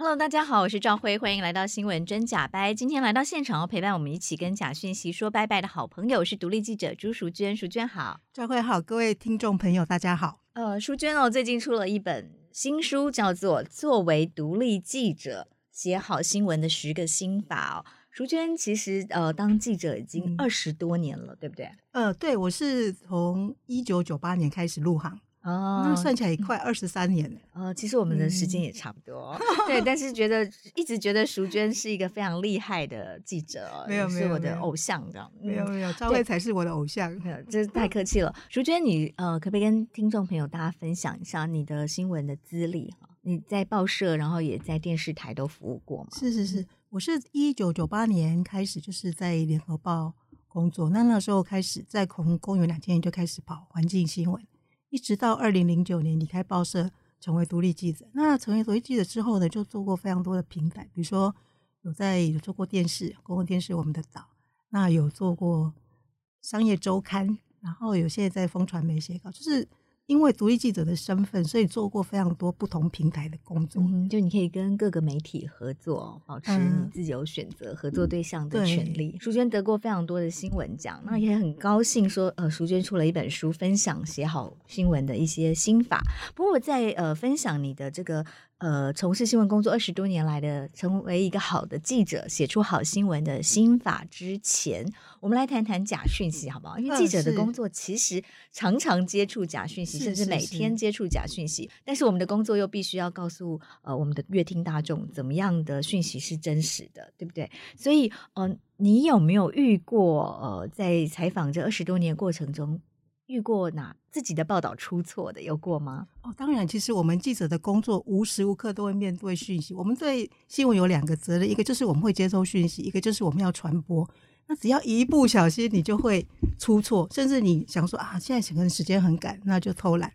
Hello，大家好，我是兆徽，歡迎來到新聞真假掰。今天來到現場哦，陪伴我們一起跟假訊息說拜拜的好朋友是獨立記者朱淑娟，淑娟好，兆徽好，各位聽眾朋友大家好。呃，淑娟哦，最近出了一本新書，叫做《作為獨立記者寫好新聞的十個心法》哦。淑娟其實呃，當記者已經二十多年了，嗯。對不對？呃，對，我是從一九九八年開始入行。哦、那算起來也快二十三年了。呃、嗯，其實我們的時間也差不多，嗯、對。但是覺得一直覺得淑娟是一個非常厲害的記者，沒有沒有，是我的偶像，這樣沒有沒有兆徽、嗯、才是我的偶像。對真這是太客氣了。淑娟，你呃，可不可以跟聽眾朋友大家分享一下你的新聞的資歷？哈，你在報社，然後也在電視台都服務過嗎？是是是，我是一九九八年開始就是在聯合報工作，那那時候開始在恐龍公園，兩千年就開始跑環境新聞。一直到二零零九年離開報社，成為獨立記者。那成為獨立記者之後呢，就做過非常多的平台，比如說有在有做過電視，公共電視我們的島，那有做過商業周刊，然後有些在風傳媒寫稿，就是。因為獨立記者的身份，所以做過非常多不同平台的工作。嗯、就你可以跟各個媒體合作，保持你自己有選擇合作對象的權利。嗯、對。淑娟得過非常多的新聞獎，那也很高興說，呃，淑娟出了一本書，分享寫好新聞的一些心法。不過我在呃，分享你的這個。呃，從事新聞工作二十多年來的，成為一個好的記者，寫出好新聞的心法之前，我們來談談假訊息好不好？因為記者的工作其實常常接觸假訊息，是甚至每天接觸假訊息。是是是，但是我們的工作又必須要告訴呃，我們的閱聽大眾，怎麼樣的訊息是真實的，對不對？所以，嗯、呃，你有沒有遇過呃，在採訪這二十多年過程中？遇過哪，自己的報道出錯的，有過嗎？哦，當然，其實我們記者的工作無時無刻都會面對訊息。我們對新聞有兩個責任，一個就是我們會接收訊息，一個就是我們要傳播。那只要一不小心，你就會出錯。甚至你想說啊，現在可能時間很趕，那就偷懶，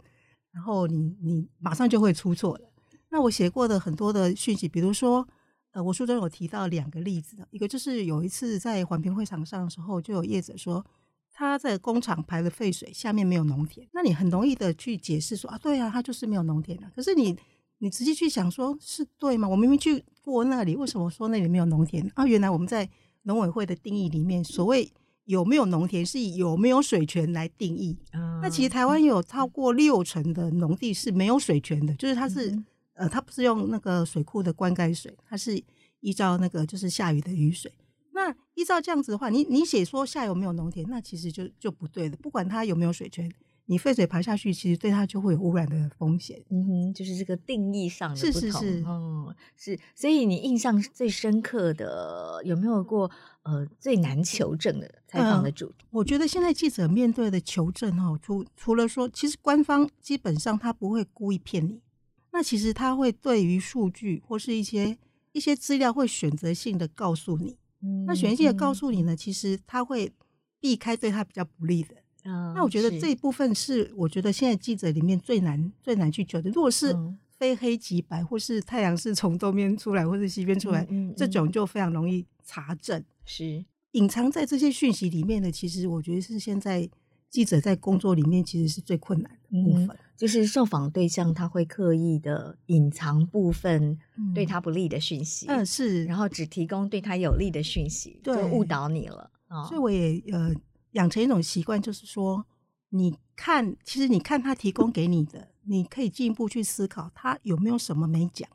然後你你馬上就會出錯了。那我寫過的很多的訊息，比如說，呃，我書中有提到兩個例子，一個就是有一次在環評會場上的時候，就有業者說。他在工廠排的廢水下面沒有農田，那你很容易的去解釋說啊，對啊，他就是沒有農田的。可是你你直接去想說是對嗎？我明明去過那裡，為什麼說那裡沒有農田？啊，原來我們在農委會的定義裡面，所謂有沒有農田是以有沒有水權來定義。嗯、那其實台灣有超過六成的農地是沒有水權的，就是它是、嗯、呃，它不是用那個水庫的灌溉水，它是依照那個就是下雨的雨水。依照這樣子的話，你你寫說下有沒有農田，那其實就就不對了。不管它有沒有水泉，你廢水排下去，其實對它就會有汙染的風險。嗯哼，就是這個定義上的不同。是是是，嗯、哦，是。所以你印象最深刻的有沒有過？呃，最難求證的採訪的主題，呃？我覺得現在記者面對的求證哈，除除了說，其實官方基本上他不會故意騙你，那其實他會對於數據或是一些一些資料會選擇性的告訴你。嗯、那玄民也告訴你呢，嗯、其實他會避開對他比較不利的。嗯、那我覺得這一部分是，我覺得現在記者裡面最難是最難去覺得。如果是非黑即白，或是太陽是從東邊出來，或是西邊出來，嗯、這種就非常容易查證。是隱藏在這些訊息裡面的，其實我覺得是現在記者在工作裡面其實是最困難的部分。嗯就是受訪對象他會刻意的隱藏部分對他不利的訊息，嗯，嗯，是，然後只提供對他有利的訊息，對，誤導你了。對哦，所以我也呃養成一種習慣，就是說你看，其實你看他提供給你的，你可以進一步去思考他有沒有什麼沒講的，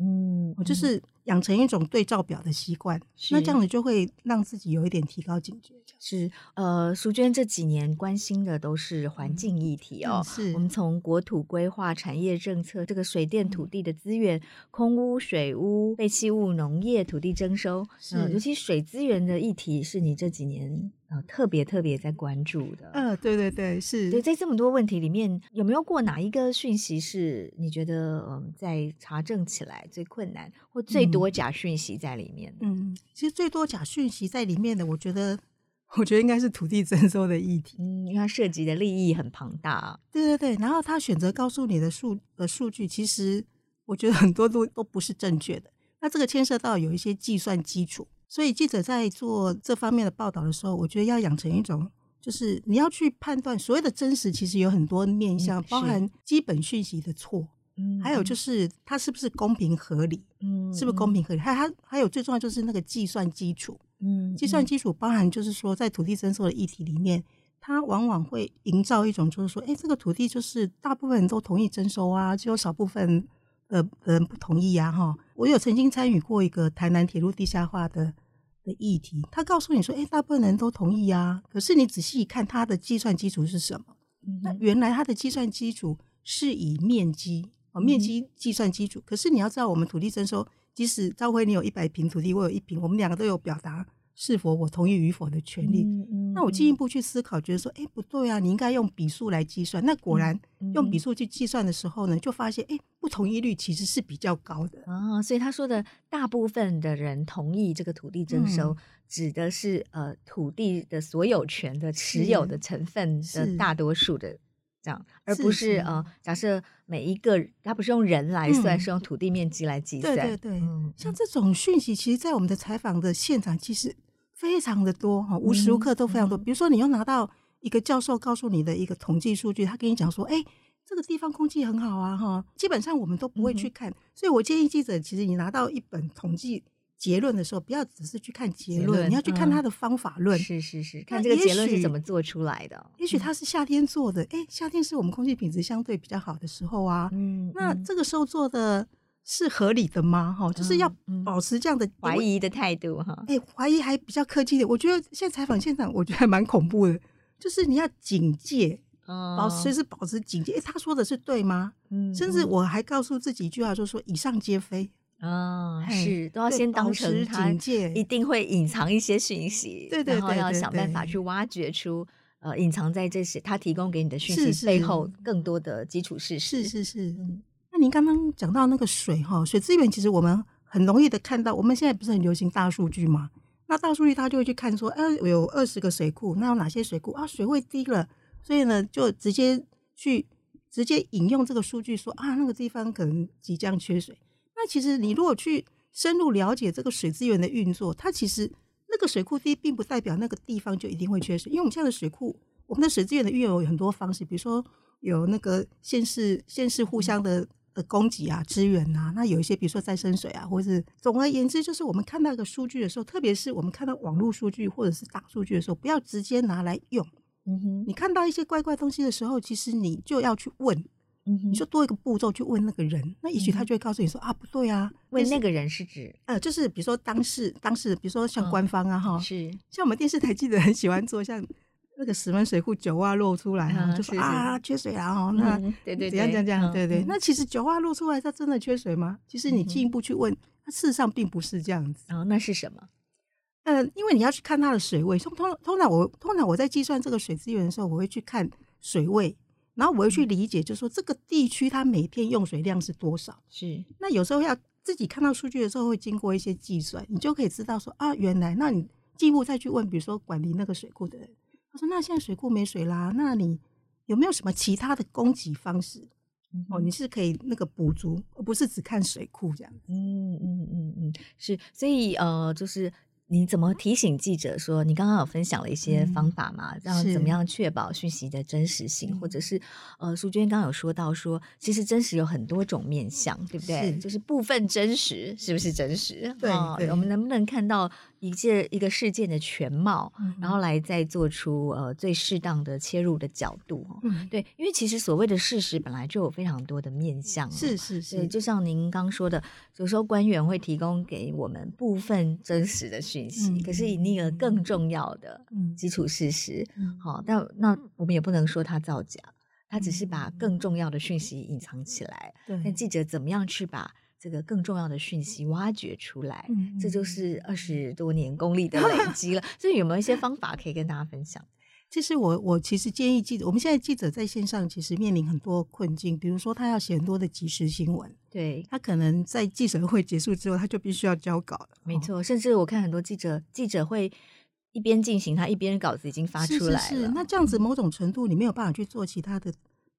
嗯，我就是。嗯養成一種對照表的習慣，是那這樣子就會讓自己有一點提高警覺。是，呃，淑娟這幾年關心的都是環境議題哦。嗯、是我們從國土規劃、產業政策、這個水電、土地的資源、嗯、空污、水污、廢棄物、農業、土地徵收，嗯是、呃，尤其水資源的議題是你這幾年呃特別特別在關注的。嗯、呃，對對對，是。對，在這麼多問題裡面，有沒有過哪一個訊息是你覺得嗯、呃、在查證起來最困難或最、嗯？嗯、多假訊息在裡面。嗯，其實最多假訊息在裡面的，我覺得，我覺得應該是土地徵收的議題。嗯，因為它涉及的利益很龐大、啊。對對對，然後他選擇告訴你的數呃數據，其實我覺得很多都都不是正確的。那這個牽涉到有一些計算基礎，所以記者在做這方面的報道的時候，我覺得要養成一種，就是你要去判斷所謂的真實，其實有很多面向，嗯、包含基本訊息的錯，嗯，還有就是它是不是公平合理。是不是公平可以。嗯、還有還有最重要的就是那個計算基礎、嗯。嗯，計算基礎包含就是說，在土地徵收的議題裡面，它往往會營造一種就是說，哎、欸，這個土地就是大部分人都同意徵收啊，只有少部分的人、呃、不同意啊。哈，我有曾經參與過一個台南鐵路地下化的，的議題，他告訴你說，哎、欸，大部分人都同意啊，可是你仔細看它的計算基礎是什麼？嗯、哼那原來它的計算基礎是以面積。哦，面積計算基礎。嗯、可是你要知道，我們土地徵收，即使兆徽你有一百坪土地，我有一坪，我們兩個都有表達是否我同意與否的權利。嗯嗯、那我進一步去思考，覺得說，哎、欸，不對啊，你應該用筆數來計算。那果然用筆數去計算的時候呢，嗯嗯、就發現，哎、欸，不同意率其實是比較高的。啊、哦，所以他說的大部分的人同意這個土地徵收，嗯、指的是呃土地的所有權的持有的成分是大多數的。這樣，而不是，是，是呃，假設每一個它不是用人來算，嗯、是用土地面積來計算。對對對，嗯、像這種訊息，其實，在我們的採訪的現場，其實非常的多哈，無時無刻都非常多。嗯嗯、比如說，你又拿到一個教授告訴你的一個統計數據，他跟你講說，哎、欸，這個地方空氣很好啊哈，基本上我們都不會去看。嗯、所以我建議記者，其實你拿到一本統計。結論的時候，不要只是去看結論，結論你要去看它的方法論。嗯，是是是，看這個結論是怎麼做出來的。哦，也許它是夏天做的，哎、欸，夏天是我們空氣品質相對比較好的時候啊。嗯，嗯，那這個時候做的是合理的嗎？哈、嗯，就是要保持這樣的懷、嗯嗯、疑的態度哈。哎、欸，懷疑還比較客氣的，我覺得現在採訪現場，我覺得還蠻恐怖的，就是你要警戒，嗯、保持是保持警戒。哎、欸，他說的是對嗎？嗯，甚至我還告訴自己一句話，就是說以上皆非。啊，哦、嘿是都要先當成他一定會隱藏一些訊息，對對對，然後要想辦法去挖掘出對對對對對，呃隱藏在這些他提供給你的訊息背後更多的基礎事實。是是是。那您剛剛講到那個水哈，水資源其實我們很容易的看到，我們現在不是很流行大數據嗎？那大數據它就會去看說，哎、欸，有二十個水庫，那有哪些水庫啊水位低了，所以呢就直接去直接引用這個數據說啊那個地方可能即將缺水。那其實你如果去深入了解這個水資源的運作，它其實那個水庫低，並不代表那個地方就一定會缺水。因為我們現在的水庫，我們的水資源的運用有很多方式，比如說有那個縣市縣市互相的的供給啊、支援啊。那有一些比如說再生水啊，或者是總而言之，就是我們看到一個數據的時候，特別是我們看到網絡數據或者是大數據的時候，不要直接拿來用。嗯哼。你看到一些怪怪東西的時候，其實你就要去問。你就多一個步驟去問那個人，那也許他就會告訴你說啊，不對啊。問那個人是指呃，就是比如說當事當事，比如說像官方啊，哈，是像我們電視台記者很喜歡做，像那個石門水庫九蛙露出來，就是啊，缺水啊，哈，那對對對，怎樣這樣，對對。那其實九蛙露出來，它真的缺水嗎？其實你進一步去問，它事實上並不是這樣子。哦，那是什麼？呃，因為你要去看它的水位，通通通常我通常我在計算這個水資源的時候，我會去看水位。然後我會去理解，就是說，這個地區它每天用水量是多少？是。那有時候要自己看到數據的時候，會經過一些計算，你就可以知道說啊，原來，那你進一步再去問，比如說管理那個水庫的人，他說，那現在水庫沒水啦，那你有沒有什麼其他的供給方式？嗯、哼哦，你是可以那個補足，而不是只看水庫這樣，嗯。嗯嗯嗯嗯，是，所以呃就是。你怎麼提醒記者說？你剛剛有分享了一些方法嘛，讓怎麼樣確保訊息的真實性，或者是呃，淑娟剛剛有說到說，其實真實有很多種面向，對不對？是，就是部分真實，是不是真實？對，我們能不能看到一件一個事件的全貌，然後來再做出呃最適當的切入的角度？對，因為其實所謂的事實本來就有非常多的面向，是是是，就像您剛說的，有時候官員會提供給我們部分真實的息，嗯、可是你有了更重要的基礎事實，好、嗯哦，但那我們也不能說他造假，他只是把更重要的訊息隱藏起來。那、嗯、記者怎麼樣去把這個更重要的訊息挖掘出來？嗯、這就是二十多年功力的累積了。 所以有沒有一些方法可以跟大家分享？其實我我其實建議記者，我們現在記者在線上其實面臨很多困境，比如說他要寫很多的即時新聞，對，他可能在記者會結束之後，他就必須要交稿了。沒錯，甚至我看很多記者，記者會一邊進行，他一邊稿子已經發出來了。是是是，那這樣子，某種程度你沒有辦法去做其他的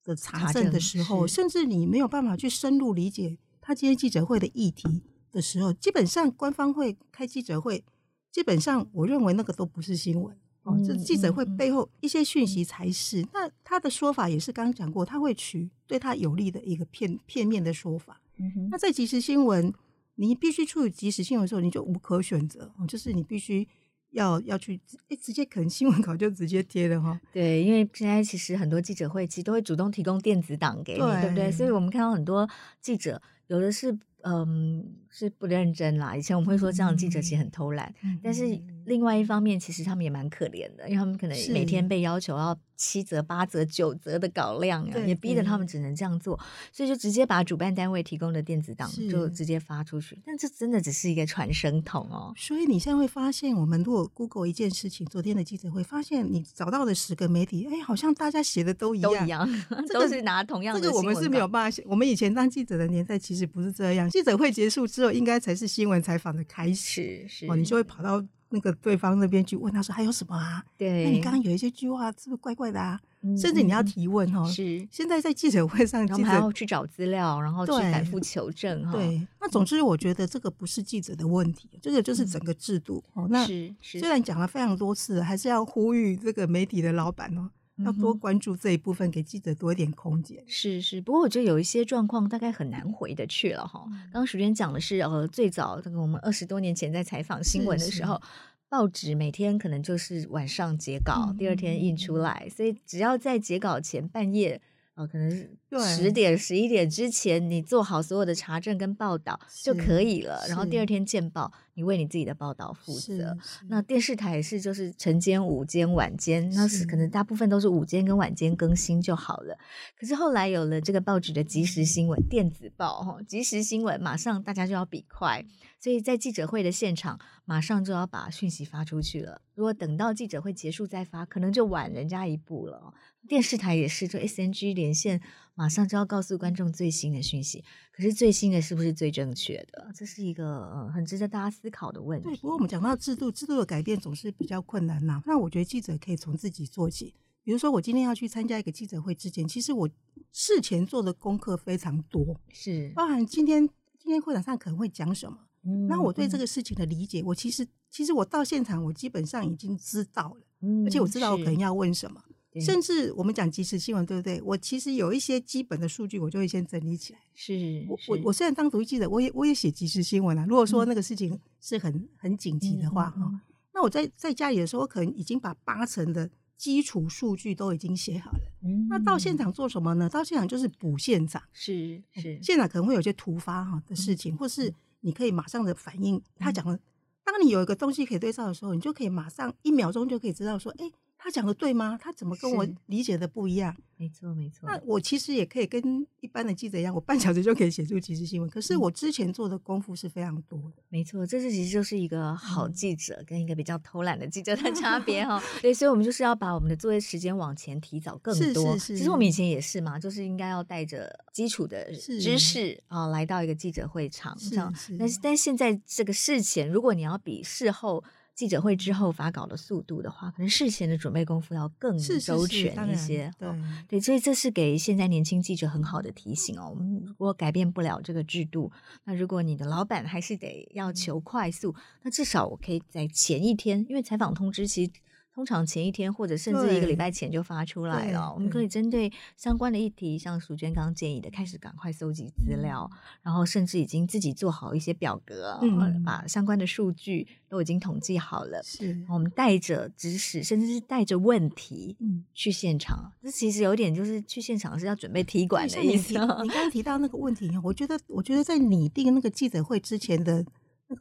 的查證的時候，甚至你沒有辦法去深入理解他今天記者會的議題的時候，基本上官方會開記者會，基本上我認為那個都不是新聞。哦，這記者會背後一些訊息才是。嗯嗯、那他的說法也是剛剛講過，他會取對他有利的一個片片面的說法。嗯、哼那在即時新聞，你必須處理即時新聞的時候，你就無可選擇，就是你必須要要去、欸，直接可能新聞稿就直接貼的哈。對，因為現在其實很多記者會其實都會主動提供電子檔給你，對，對不對？所以我們看到很多記者，有的是嗯、呃、是不認真啦。以前我們會說這樣的記者其實很偷懶，嗯、但是。另外一方面，其實他們也蠻可憐的，因為他們可能每天被要求要七則、八則、九則的稿量、啊，對也逼得他們只能這樣做，嗯、所以就直接把主辦單位提供的電子檔就直接發出去。是但這真的只是一個傳聲筒哦。所以你現在會發現，我們如果 Google 一件事情，昨天的記者會發現，你找到的十個媒體，哎，好像大家寫的都一樣，都一樣，這個、都是拿同樣的。這個我們是沒有辦法。我們以前當記者的年代其實不是這樣，記者會結束之後，應該才是新聞採訪的開始。是哦，你就會跑到。那個對方那邊去問他說，還有什麼啊？對，那、欸、你剛剛有一些句話是不是怪怪的啊？嗯、甚至你要提問哦。是。現在在記者會上，記者還要去找資料，然後去反覆求證對，吼，對。那總之，我覺得這個不是記者的問題，這個就是整個制度。嗯、那是。是。雖然講了非常多次，還是要呼籲這個媒體的老闆哦。要多關注這一部分，給記者多一點空間。是是，不過我覺得有一些狀況大概很難回得去了。嗯。剛剛淑娟講的是，呃，最早，這個我們二十多年前在採訪新聞的時候，是是，報紙每天可能就是晚上截稿，嗯，第二天印出來，嗯，所以只要在截稿前半夜。哦，可能是十點十一對點之前，你做好所有的查證跟報道就可以了。是然後第二天見報，你為你自己的報道負責。那電視台也是就是晨間、午間、晚間，那是可能大部分都是午間跟晚間更新就好了。是，可是後來有了這個報紙的即時新聞、電子報，即時新聞馬上大家就要比快，所以在記者會的現場。馬上就要把訊息發出去了。如果等到記者會結束再發，可能就晚人家一步了。電視台也是，就 SNG 連線，馬上就要告訴觀眾最新的訊息。可是最新的是不是最正確的？這是一個，嗯，很值得大家思考的問題。對，不過我們講到制度，制度的改變總是比較困難吶，啊。那我覺得記者可以從自己做起。比如說，我今天要去參加一個記者會之前，其實我事前做的功課非常多，是包含今天今天會場上可能會講什麼。那我對這個事情的理解，嗯、我其實其實我到現場，我基本上已經知道了，嗯、而且我知道我可能要問什麼。是甚至我們講即時新聞，對不對？我其實有一些基本的數據，我就會先整理起來。是，是我我我雖然當獨立記者，我也我也寫即時新聞啊。如果說那個事情是很、嗯、很緊急的話哈、嗯嗯哦，那我在在家裡的時候，我可能已經把八成的基礎數據都已經寫好了。嗯、那到現場做什麼呢？到現場就是補現場。是是、嗯，現場可能會有些突發哈的事情，嗯、或是。你可以馬上的反應，他講了，當你有一個東西可以對照的時候，你就可以馬上一秒鐘就可以知道說，哎、欸。他講的對嗎？他怎麼跟我理解的不一樣？沒錯，沒錯。那我其實也可以跟一般的記者一樣，我半小時就可以寫出即時新聞。可是我之前做的功夫是非常多的。沒錯，這是其實就是一個好記者跟一個比較偷懶的記者的差別哈，嗯、對，所以，我們就是要把我們的作業時間往前提早更多。是是是。其實我們以前也是嘛，就是應該要帶着基礎的知識啊，來到一個記者會場上，知道？但是，但是現在這個事前，如果你要比事後。記者會之後發稿的速度的話，可能事前的準備功夫要更周全一些。是是是對，哦、對，所以這是給現在年輕記者很好的提醒哦。我、嗯、如果改變不了這個製度，那如果你的老闆還是得要求快速，嗯、那至少我可以在前一天，因為採訪通知其實。通常前一天或者甚至一個禮拜前就發出來了。我們可以針對相關的議題，像淑娟剛建議的，開始趕快搜集資料，嗯、然後甚至已經自己做好一些表格，嗯、把相關的數據都已經統計好了。是，我們帶着知識，甚至是帶着問題去現場。嗯、這其實有點就是去現場是要準備踢館的意思。你， 你剛提到那個問題，我覺得，我覺得在擬定那個記者會之前的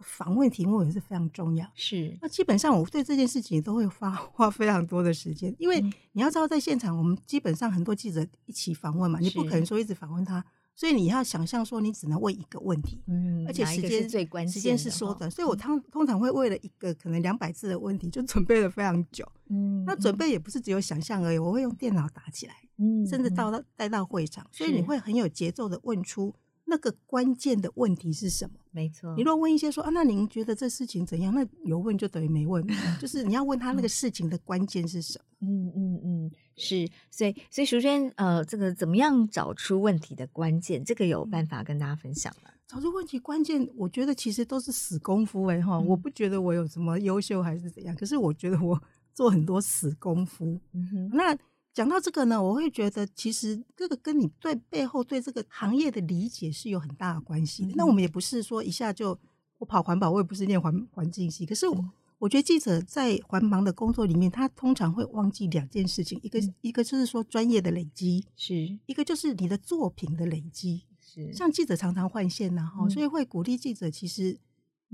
訪問題目也是非常重要，是。那基本上我對這件事情都會花花非常多的時間，因為你要知道在現場我們基本上很多記者一起訪問嘛，是你不可能說一直訪問他，所以你要想象說你只能問一個問題，嗯，而且時間最關鍵的時間是縮短，所以我通通常會為了一個可能兩百字的問題就準備了非常久，嗯，那準備也不是只有想象而已，我會用電腦打起來，嗯，嗯甚至到帶到會場，是所以你會很有節奏的問出。那個關鍵的問題是什麼？沒錯錯，你如果問一些說啊，那您覺得這事情怎樣？那有問就等於沒問， 就是你要問他那個事情的關鍵是什麼？ 嗯嗯嗯，是，所以所以淑娟，呃，這個怎麼樣找出問題的關鍵？這個有辦法跟大家分享嗎、嗯？找出問題關鍵，我覺得其實都是死功夫哎、欸、哈！吼嗯、我不覺得我有什麼優秀還是怎樣，可是我覺得我做很多死功夫。嗯哼，那。講到這個呢，我會覺得其實這個跟你對背後對這個行業的理解是有很大的關係的、嗯、那我們也不是說一下就我跑環保，我也不是念環環境系，可是我，、嗯、我覺得記者在繁忙的工作裡面，他通常會忘記兩件事情：一個、嗯、一個就是說專業的累積，嗯、是一個就是你的作品的累積。是像記者常常換線然、啊、哈、嗯哦，所以會鼓勵記者其實。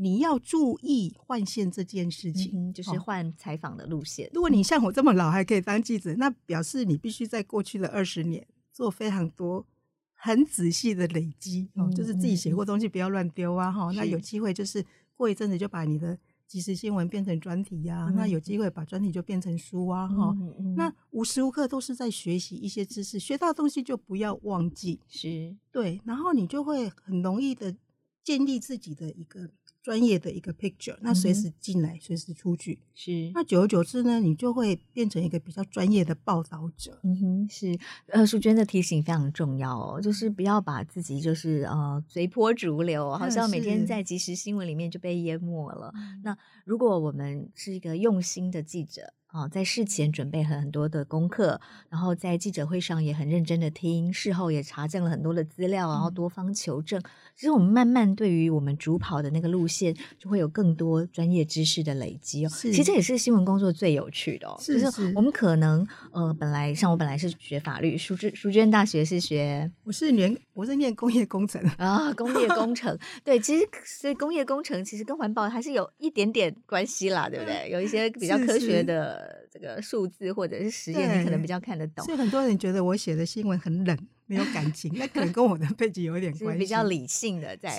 你要注意換線這件事情，嗯、就是換採訪的路線、哦。如果你像我這麼老還可以當記者，嗯、那表示你必須在過去的二十年做非常多、很仔細的累積。嗯嗯哦，就是自己寫過東西不要亂丟啊！哈、嗯嗯哦，那有機會就是過一陣子就把你的即時新聞變成專題呀、啊。嗯嗯那有機會把專題就變成書啊！哈、嗯嗯嗯哦，那無時無刻都是在學習一些知識，學到的東西就不要忘記。是，對，然後你就會很容易的建立自己的一個。專業的一個 picture，那隨時進來，嗯哼，隨時出去，是。那久而久之呢，你就會變成一個比較專業的報道者。嗯哼，是。呃，淑娟的提醒非常重要哦，就是不要把自己就是呃隨波逐流，好像每天在即時新聞裡面就被淹沒了。是那如果我們是一個用心的記者，哦，在事前準備很多的功課，然後在記者會上也很認真的聽，事後也查證了很多的資料，然後多方求證。嗯、其實我們慢慢對於我們主跑的那個路線，就會有更多專業知識的累積哦。是其實這也是新聞工作最有趣的、哦，是是就是我們可能呃，本來像我本來是學法律，淑娟淑娟大學是學，我是念我是念工業工程啊，工業工程 對，其實所以工業工程其實跟環保還是有一點點關係啦，對不對？有一些比較科學的。是是這個數字或者是實驗，對你可能比較看得懂。所以很多人覺得我寫的新聞很冷，沒有感情，那 可能跟我的背景有一點關係。比較理性的在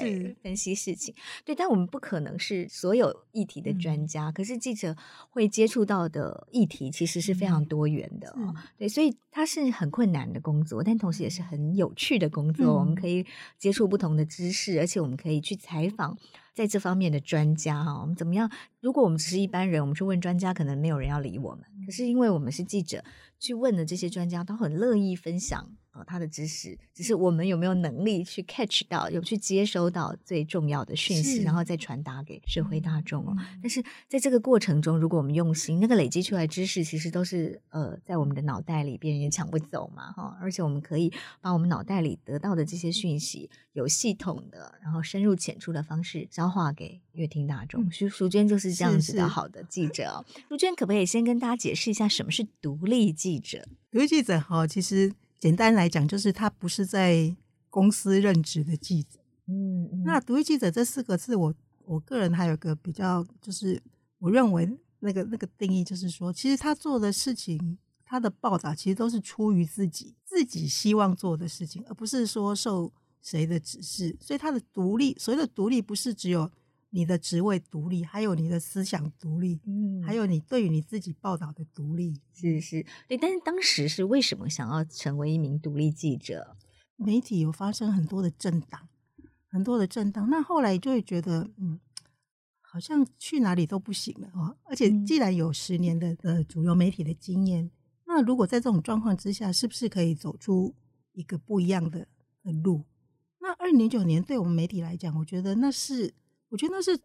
分析事情，是對。但我們不可能是所有議題的專家，嗯、可是記者會接觸到的議題其實是非常多元的，嗯、對。所以它是很困難的工作，但同時也是很有趣的工作。嗯、我們可以接觸不同的知識，而且我們可以去採訪。在這方面的專家哈，我們怎麼樣？如果我們只是一般人，我們去問專家，可能沒有人要理我們。可是因為我們是記者，去問的這些專家，都很樂意分享。哦、他的知識只是我們有沒有能力去 catch 到，有去接收到最重要的訊息，是然後再傳達給社會大眾哦。嗯、但是在這個過程中，如果我們用心，那個累積出來知識，其實都是呃在我們的腦袋裡邊也搶不走嘛哈、哦。而且我們可以把我們腦袋裡得到的這些訊息，嗯、有系統的，然後深入淺出的方式消化給閱聽大眾。淑、嗯、娟就是這樣子的好的記者、哦。淑是娟可不可以先跟大家解釋一下什麼是獨立記者？獨立記者哈，其實。簡單來講，就是他不是在公司任職的記者。嗯，嗯，那獨立記者這四個字，我我個人還有個比較，就是我認為那個那個定義，就是說，其實他做的事情，他的報道其實都是出於自己，自己希望做的事情，而不是說受誰的指示。所以他的獨立，所謂的獨立，不是只有。你的職位獨立，還有你的思想獨立，嗯，還有你對於你自己報道的獨立，是是，對。但是當時是為什麼想要成為一名獨立記者？媒體有發生很多的震盪，很多的震盪。那後來就會覺得，嗯，好像去哪裡都不行了啊。而且既然有十年的主流媒體的經驗，那如果在這種狀況之下，是不是可以走出一個不一樣的的路？那二零零九年對我們媒體來講，我覺得那是。我覺得那是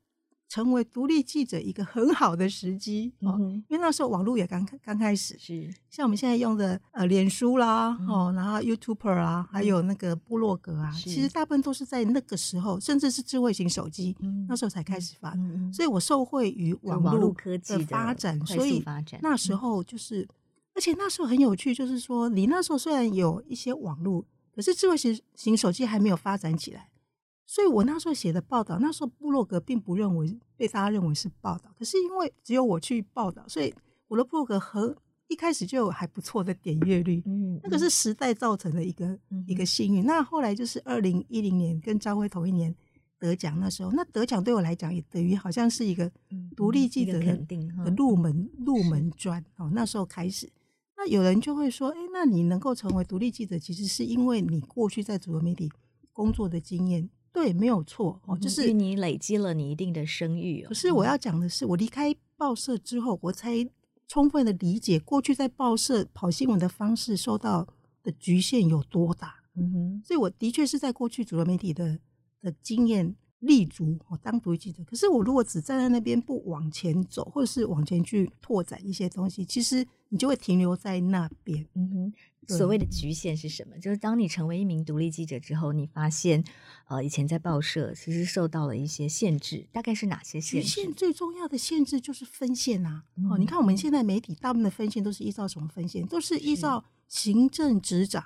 成為獨立記者一個很好的時機哦，嗯、哼因為那時候網絡也剛剛開始，是像我們現在用的呃臉書啦，哦、嗯喔，然後 YouTuber 啦、啊，嗯、還有那個部落格啊，是其實大部分都是在那個時候，甚至是智慧型手機、嗯、那時候才開始發，嗯、所以我受惠於網絡科技的發展，發展所以那時候就是，嗯、而且那時候很有趣，就是說你那時候雖然有一些網絡，可是智慧型型手機還沒有發展起來。所以，我那時候寫的報道，那時候部落格並不認為被大家認為是報道，可是因為只有我去報道，所以我的部落格和一開始就有還不錯的點閱率，嗯嗯，那個是時代造成的一個一個幸運。嗯嗯，那後來就是二零一零年跟張輝同一年得獎，那時候那得獎對我來講也等於好像是一個獨立記者的、嗯嗯、入門入門磚。哦是、喔，那時候開始，那有人就會說，欸、那你能夠成為獨立記者，其實是因為你過去在主流媒體工作的經驗。對，沒有錯，嗯、哼就是你累積了你一定的聲譽，哦。可是我要講的是，我離開報社之後，我才充分的理解過去在報社跑新聞的方式受到的侷限有多大。嗯，哼所以我的確是在過去主流媒體的的經驗立足，我當獨立記者，可是我如果只站在那邊不往前走，或者是往前去拓展一些東西，其實你就會停留在那邊。嗯所謂的局限是什麼？就是當你成為一名獨立記者之後，你發現，呃，以前在報社其實受到了一些限制，大概是哪些限制？限最重要的限制就是分線吶、啊。嗯、哦，你看我們現在媒體大部分的分線都是依照什麼分線？都是依照行政職掌。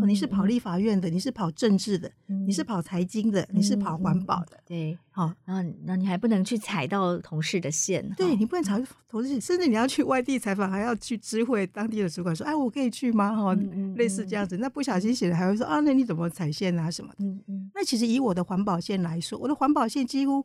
哦，你是跑立法院的，你是跑政治的，你是跑財經的，你是跑環保的，對，好，然後那你還不能去踩到同事的線，對你不能踩同事，甚至你要去外地採訪，還要去知會當地的主管說，哎，我可以去嗎？哈，類似這樣子，那不小心寫的還會說啊，那你怎麼踩線啊什麼的？那其實以我的環保線來說，我的環保線幾乎，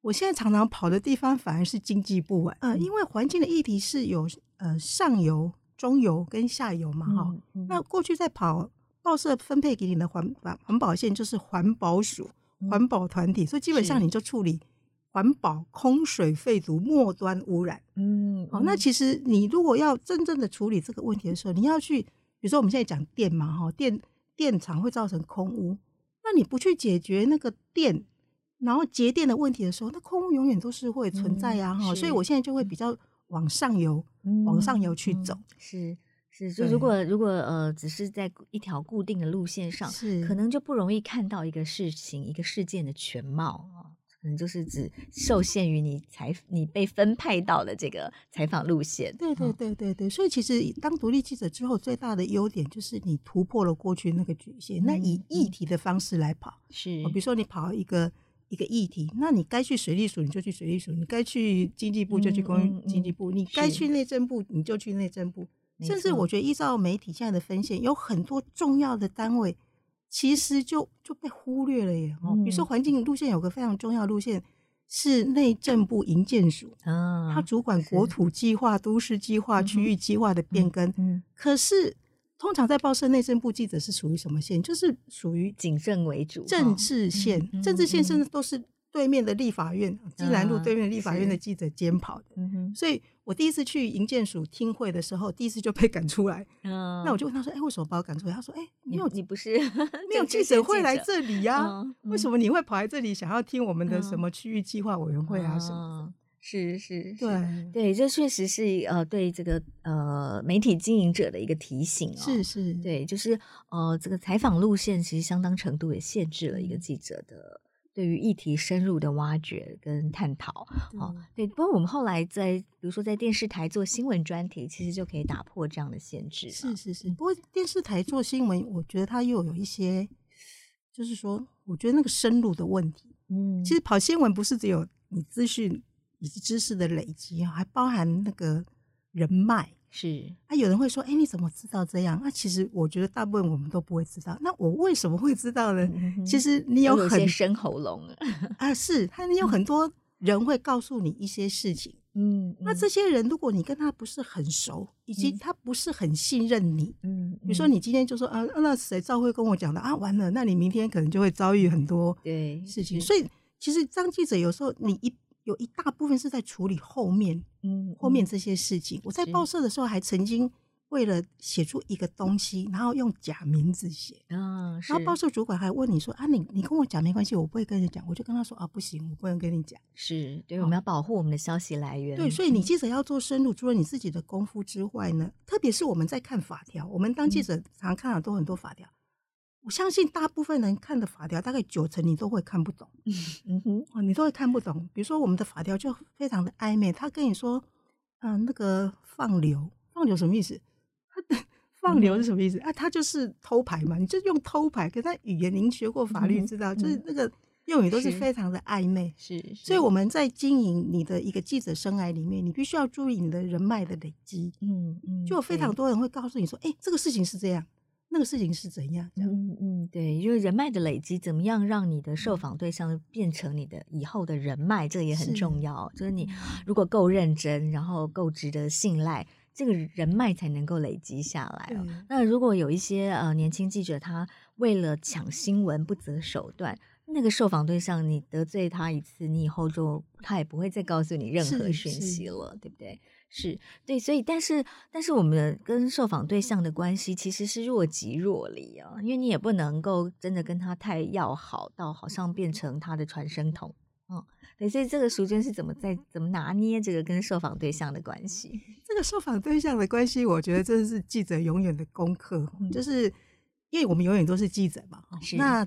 我現在常常跑的地方反而是經濟部啊，因為環境的議題是有呃上游、中游跟下游嘛，哈，那過去在跑。報社分配給你的環環環保線就是環保署、環保團體，嗯、所以基本上你就處理環保空水廢毒末端污染。嗯，嗯、哦，那其實你如果要真正的處理這個問題的時候，你要去，比如說我們現在講電嘛，哈，電電廠會造成空污，那你不去解決那個電，然後節電的問題的時候，那空污永遠都是會存在呀、啊、哈、嗯。所以我現在就會比較往上游，嗯、往上游去走。嗯嗯、是。是，就如果，對如果呃，只是在一條固定的路線上，是可能就不容易看到一個事情、一個事件的全貌，哦、可能就是只受限於你採、你被分派到的這個採訪路線。對、哦、對對對對。所以其實當獨立記者之後，最大的優點就是你突破了過去那個局限。嗯、那以議題的方式來跑，是、嗯，比如說你跑一個一個議題，那你該去水利署你就去水利署，你該去經濟部就去公、嗯嗯、經濟部，你該去內政部你就去內政部。的甚至我覺得依照媒體現在的分線，有很多重要的單位其實就就被忽略了耶。哦、嗯，比如說環境路線有個非常重要路線是內政部營建署，他、啊、它主管國土計劃、是都市計劃、區、嗯、域計劃的變更。嗯嗯嗯、可是通常在報社內政部記者是屬於什麼線？就是屬於警政為主、嗯、政治線，嗯嗯嗯、政治線甚至都是。對面的立法院，濟南路對面的立法院的記者兼跑、嗯嗯、哼，所以我第一次去營建署聽會的時候，第一次就被趕出來。嗯，那我就問他說：“哎，為什麼把我趕出來？”他說：“哎，沒有你不是沒有記者會來這裡呀？、啊？嗯、為什麼你會跑來這裡，想要聽我們的什麼區域計劃委員會啊什麼？是是，對對，這確實是呃對這個呃媒體經營者的一個提醒是、哦、是，是對，就是呃這個採訪路線其實相當程度也限制了一個記者的。嗯”對於議題深入的挖掘跟探討，好對、哦，對。不過我們後來在，比如說在電視台做新聞專題，其實就可以打破這樣的限制。是是是。不過電視台做新聞，我覺得它又有一些，就是說，我覺得那個深入的問題，嗯，其實跑新聞不是只有你資訊以及知識的累積，還包含那個人脈。是啊，有人會說：“哎、欸，你怎麼知道這樣？”那、啊、其實我覺得大部分我們都不會知道。那我為什麼會知道呢？嗯嗯，其實你有很深喉嚨啊，啊，是，他有很多人會告訴你一些事情。嗯，那這些人如果你跟他不是很熟，以及他不是很信任你，嗯，比如說你今天就說啊，那誰照會跟我講的啊？完了，那你明天可能就會遭遇很多對事情。所以，其實張記者有時候你一。嗯有一大部分是在處理後面，嗯，後面這些事情。我在報社的時候還曾經為了寫出一個東西，然後用假名字寫，嗯，然後報社主管還問你說啊，你你跟我講沒關係，我不會跟你講，我就跟他說啊，不行，我不能跟你講，是對，哦，對，我們要保護我們的消息來源。對，所以你記者要做深入，除了你自己的功夫之外呢，特別是我們在看法條，我們當記者常看到都很多法條。嗯我相信大部分人看的法條，大概九成你都會看不懂。嗯哼，你都會看不懂。比如說我們的法條就非常的曖昧，他跟你說，嗯，那個放流，放流什麼意思？他的放流是什麼意思？啊，他就是偷排嘛。你就用偷排，可是他語言您學過法律，知道就是那個用語都是非常的曖昧。是，所以我們在經營你的一個記者生涯裡面，你必須要注意你的人脈的累積。嗯嗯，就有非常多人會告訴你說，哎，這個事情是這樣。那個事情是怎樣的？嗯嗯，對，因為人脈的累積，怎麼樣讓你的受訪對象變成你的以後的人脈，嗯、這也很重要。是就是你如果夠認真，然後夠值得信賴，這個人脈才能夠累積下來對那如果有一些呃年輕記者，他為了搶新聞不擇手段，嗯、那個受訪對象你得罪他一次，嗯、你以後就他也不會再告訴你任何訊息了，對不對？是對，所以但是但是我們跟受訪對象的關係其實是若即若離啊，因為你也不能夠真的跟他太要好到好像變成他的傳聲筒，嗯、哦、對，所以這個淑娟是怎麼在怎麼拿捏這個跟受訪對象的關係？這個受訪對象的關係，我覺得真的是記者永遠的功課，嗯，就是因為我們永遠都是記者嘛，是那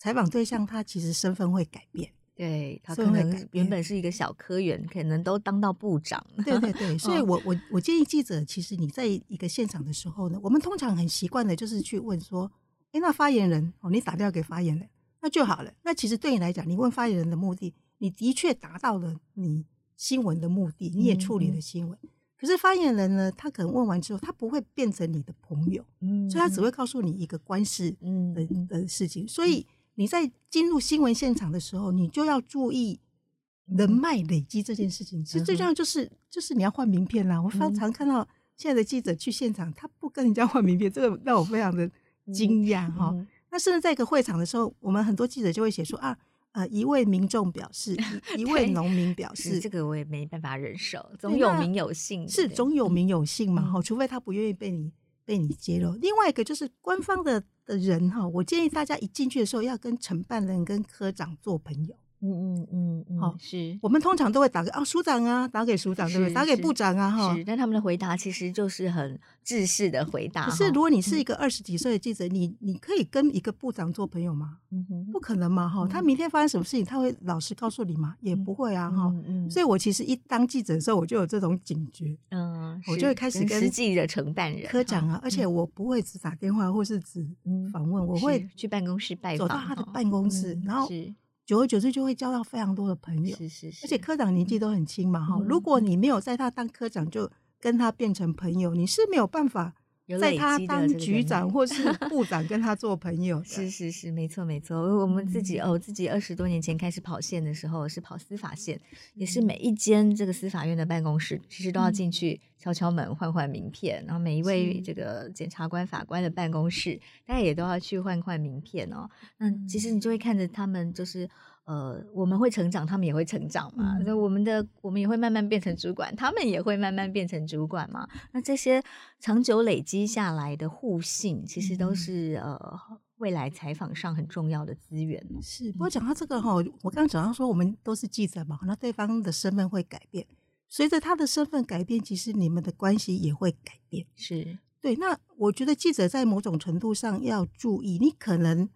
採訪對象他其實身份會改變。對，他可能原本是一個小科員，能可能都當到部長，對對對。所以我、哦、我我建議記者，其實你在一個現場的時候呢，我們通常很習慣的就是去問說：“哎，那發言人哦，你打電話給發言人，那就好了。”那其實對你來講，你問發言人的目的，你的確達到了你新聞的目的，你也處理了新聞。嗯、可是發言人呢，他可能問完之後，他不會變成你的朋友，嗯、所以他只會告訴你一個關係的、嗯、的事情，所以。你在進入新聞現場的時候，你就要注意人脈累積這件事情。其實最重要就是，就是你要換名片啦。嗯、我非常、常看到現在的記者去現場，他不跟人家換名片，這個讓我非常的驚訝哈。嗯嗯、那甚至在一個會場的時候，我們很多記者就會寫說啊，呃，一位民眾表示，一,一位農民表示，這個我也沒辦法忍受，總有名有姓、啊、是總有名有姓嘛，好、嗯哦，除非他不願意被你。被你揭露，另外一個就是官方的的人哈，我建議大家一進去的時候要跟承辦人跟科長做朋友。嗯嗯嗯嗯，好，是。我們通常都會打給啊署長啊，打給署長對不對？打給部長啊哈。但那他們的回答其實就是很制式的回答。可是如果你是一個二十幾歲的記者，你你可以跟一個部長做朋友嗎？嗯哼。不可能嘛哈？他明天發生什麼事情，他會老實告訴你嗎？也不會啊哈。所以我其實一當記者的時候，我就有這種警覺。嗯。我就會開始跟實際的承辦人、科長啊，而且我不會只打電話或是只訪問，我會去辦公室拜訪，走到他的辦公室，然後。久而久之就會交到非常多的朋友，是是是，而且科長年紀都很輕嘛，哈，嗯、如果你沒有在他當科長，就跟他變成朋友，你是沒有辦法。在他當局長或是部長，跟他做朋友， 是是是，沒錯沒錯。我們自己、嗯、哦，自己二十多年前開始跑線的時候，是跑司法線，嗯、也是每一間這個司法院的辦公室，其實都要進去敲敲門，換換名片，嗯、然後每一位這個檢察官、法官的辦公室，大家也都要去換換名片哦。那其實你就會看着他們，就是。呃，我們會成長，他們也會成長嘛。那、嗯、我們的，我們也會慢慢變成主管，他們也會慢慢變成主管嘛。那這些長久累積下來的互信，其實都是、嗯、呃未來採訪上很重要的資源。是，不過講到這個哈、哦，嗯、我剛剛講到說，我們都是記者嘛，那對方的身份會改變，隨着他的身份改變，其實你們的關係也會改變。是對。那我覺得記者在某種程度上要注意，你可能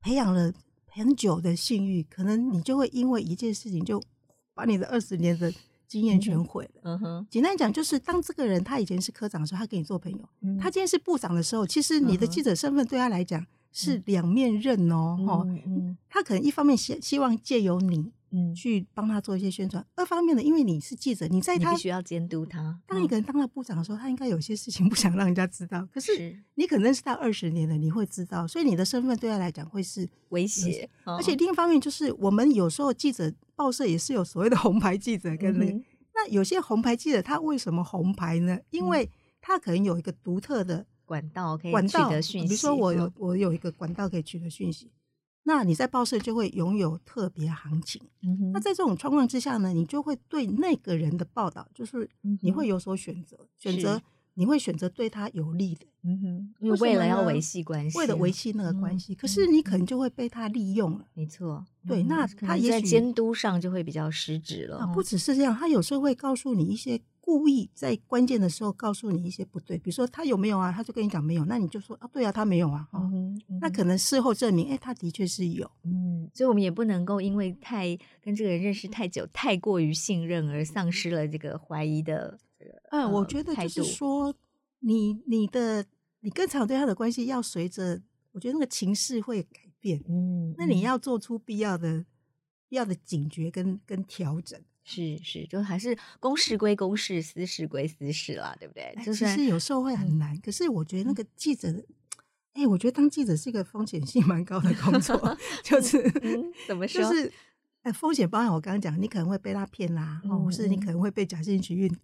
培養了。很久的信譽，可能你就會因為一件事情，就把你的二十年的經驗全毀了。嗯嗯。嗯哼，簡單講，就是當這個人他以前是科長的時候，他跟你做朋友；嗯、他今天是部長的時候，其實你的記者身份對他來講是兩面刃，喔嗯、哦。哦嗯嗯，他可能一方面希希望借由你。嗯，去幫他做一些宣傳。二方面呢，因為你是記者，你在他你必須要監督他。當一個人當了部長的時候，嗯、他應該有些事情不想讓人家知道。是，可是你可能認識他二十年了，你會知道，所以你的身份對他來講會是威脅。險而且另一方面，就是、哦、我們有時候記者、報社也是有所謂的紅牌記者跟那個，嗯、哼那有些紅牌記者，他為什麼紅牌呢？因為他可能有一個獨特的管道，管道可以取得訊息。比如說，我有我有一個管道可以取得訊息。嗯那你在報社就會擁有特別行情，嗯、哼那在這種狀況之下呢，你就會對那個人的報道，就是你會有所選擇，嗯、哼選擇你會選擇對他有利的，嗯哼為嗯，為了要維繫關係，為了維繫那個關係，嗯、可是你可能就會被他利用了，沒錯，對，嗯、哼那他也許在監督上就會比較失職了。不只是這樣，他有時候會告訴你一些。故意在關鍵的時候告訴你一些不對，比如說他有沒有啊？他就跟你講沒有，那你就說啊，對啊，他沒有啊。哦嗯嗯、那可能事後證明，哎、欸，他的確是有。嗯，所以我們也不能夠因為太跟這個人認識太久，太過於信任而喪失了這個懷疑的。嗯，呃呃、我覺得就是說，呃、態度你你的你跟常對他的關係要隨着，我覺得那個情勢會改變。嗯，嗯那你要做出必要的、必要的警覺跟跟調整。是是，就還是公事歸公事，私事歸私事啦，對不對？就是其實有時候會很難。嗯、可是我覺得那個記者，哎、欸，我覺得當記者是一個風險性蠻高的工作， 就是、嗯、怎麼說？就是哎、欸，風險包含我剛剛講，你可能會被他騙啦，或、嗯、是你可能會被假訊息輿論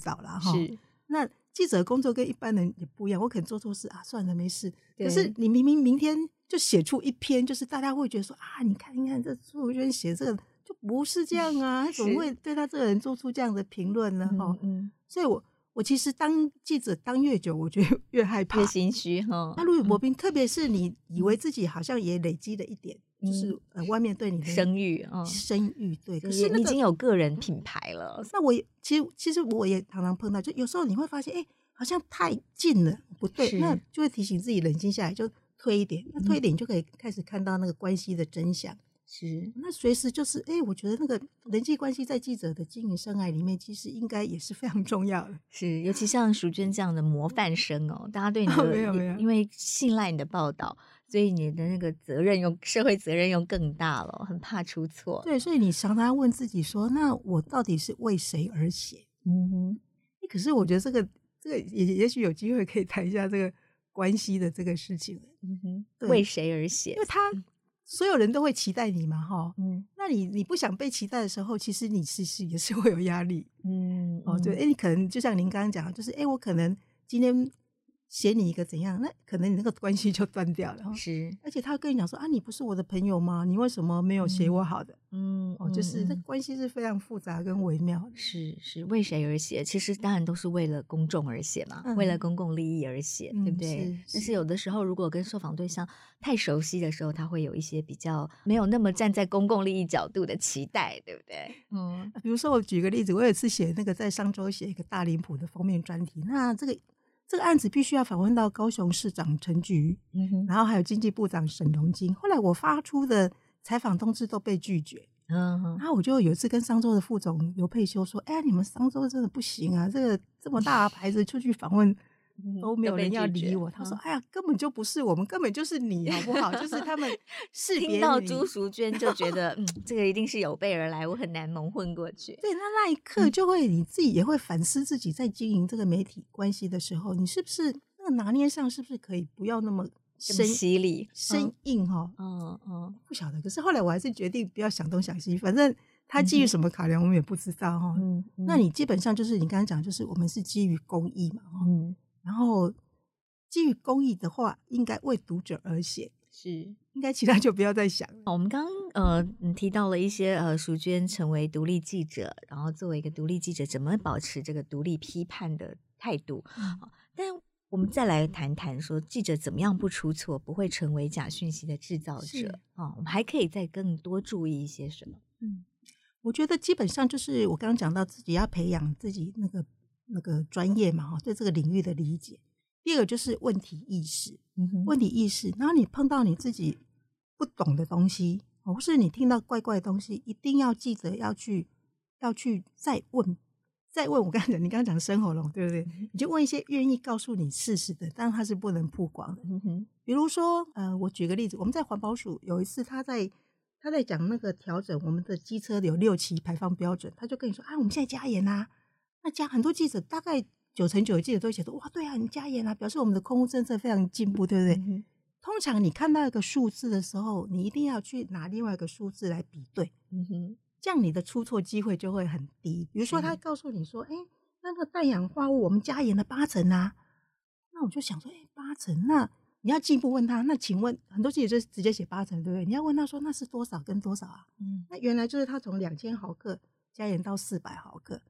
誤導了哈。嗯、吼是，那記者工作跟一般人也不一樣，我可能做錯事啊，算了，沒事。對可是你明明明天就寫出一篇，就是大家會覺得說啊，你看，看我覺得你看這朱淑娟寫這個。就不是這樣啊，他怎麼會對他這個人做出這樣的評論呢？哈、嗯，嗯、所以我，我我其實當記者當越久，我覺得越害怕，越心虛哈。那、哦啊、如履薄冰，嗯、特別是你以為自己好像也累積了一點，嗯、就是、呃、外面對你的聲譽啊，聲譽、哦、對，可是、那個、已經有個人品牌了。那我也其實其實我也常常碰到，就有時候你會發現，哎、欸，好像太近了，不對，是那就會提醒自己冷靜下來，就推一點，嗯、那推一點你就可以開始看到那個關係的真相。是，那隨時就是，哎、欸，我覺得那個人際關係在記者的經營生涯裡面，其實應該也是非常重要的。是，尤其像淑娟這樣的模範生哦，嗯、大家對你的、哦、沒有沒有因為信賴你的報道，所以你的那個責任用社會責任又更大了，很怕出錯。對，所以你常常問自己說，那我到底是為誰而寫？嗯哼。可是我覺得這個這個也也許有機會可以談一下這個關係的這個事情。嗯哼，對為誰而寫？因為他。嗯所有人都會期待你嘛，齁，嗯、那你你不想被期待的時候，其實你其實也是會有壓力嗯，嗯，哦對，哎、欸，你可能就像您剛剛講，就是誒、欸、我可能今天。寫你一個怎樣？那可能你那個關係就斷掉了、哦。是，而且他跟你講說啊，你不是我的朋友嗎？你為什麼沒有寫我好的？嗯，嗯哦，就是那關係是非常複雜跟微妙的。是是，為誰而寫？其實當然都是為了公眾而寫嘛，嗯、為了公共利益而寫，對不對？就、嗯、是,是,是有的時候，如果跟受訪對象太熟悉的時候，他會有一些比較沒有那麼站在公共利益角度的期待，對不對？嗯，比如說我舉個例子，我有一次寫那個在商周寫一個大林埔的封面專題，那這個。這個案子必須要訪問到高雄市長陳菊，嗯、哼然後還有經濟部長沈榮金沈榮津。後來我發出的採訪通知都被拒絕，嗯、哼然後我就有一次跟商周的副總劉佩修說：“哎，你們商周真的不行啊，這個這麼大的牌子 出去訪問。”都沒有人要理我，他說：“哎呀，根本就不是，我們根本就是你，好不好？就是他們識別到朱淑娟就覺得，嗯，這個一定是有備而來，我很難蒙混過去。對，那那一刻就會你自己也會反思自己在經營這個媒體關係的時候，你是不是那個拿捏上是不是可以不要那麼生犀利、生硬？哈，嗯嗯，不曉得。可是後來我還是決定不要想東想西，反正他基於什麼考量，我們也不知道哈。那你基本上就是你剛剛講，就是我們是基於公益嘛，嗯。”然後，基於公益的話，應該為讀者而寫，是應該，其他就不要再想了。我們剛剛呃，提到了一些呃，淑娟成為獨立記者，然後作為一個獨立記者，怎麼保持這個獨立批判的態度？嗯哦、但我們再來談談，說記者怎麼樣不出錯，不會成為假訊息的製造者啊是、哦？我們還可以再更多注意一些什麼？嗯，我覺得基本上就是我剛講到，自己要培養自己那個。那個專業嘛，對這個領域的理解。第二個就是問題意識，問題意識。然後你碰到你自己不懂的東西，或是你聽到怪怪的東西，一定要記得要去，要去再問，再問。我剛才講，你剛才講深喉嚨，對不對？你就問一些願意告訴你事實的，但它是不能曝光的。比如說，呃，我舉個例子，我們在環保署有一次他，他在他在講那個調整我們的機車有六期排放標準，他就跟你說啊，我們現在加嚴啦。那加很多記者大概九成九的記者都寫說，哇，對啊，你加嚴啊，表示我們的空污政策非常進步，對不對？嗯、哼通常你看到一個數字的時候，你一定要去拿另外一個數字來比對，嗯、哼這樣你的出錯機會就會很低。比如說他告訴你說，哎、嗯欸，那個氮氧化物我們加嚴了八成啊，那我就想說，哎、欸、八成，那你要進一步問他，那請問，很多記者就直接寫八成對不對？你要問他說，那是多少跟多少啊？嗯，那原來就是他從兩千毫克加嚴到四百毫克。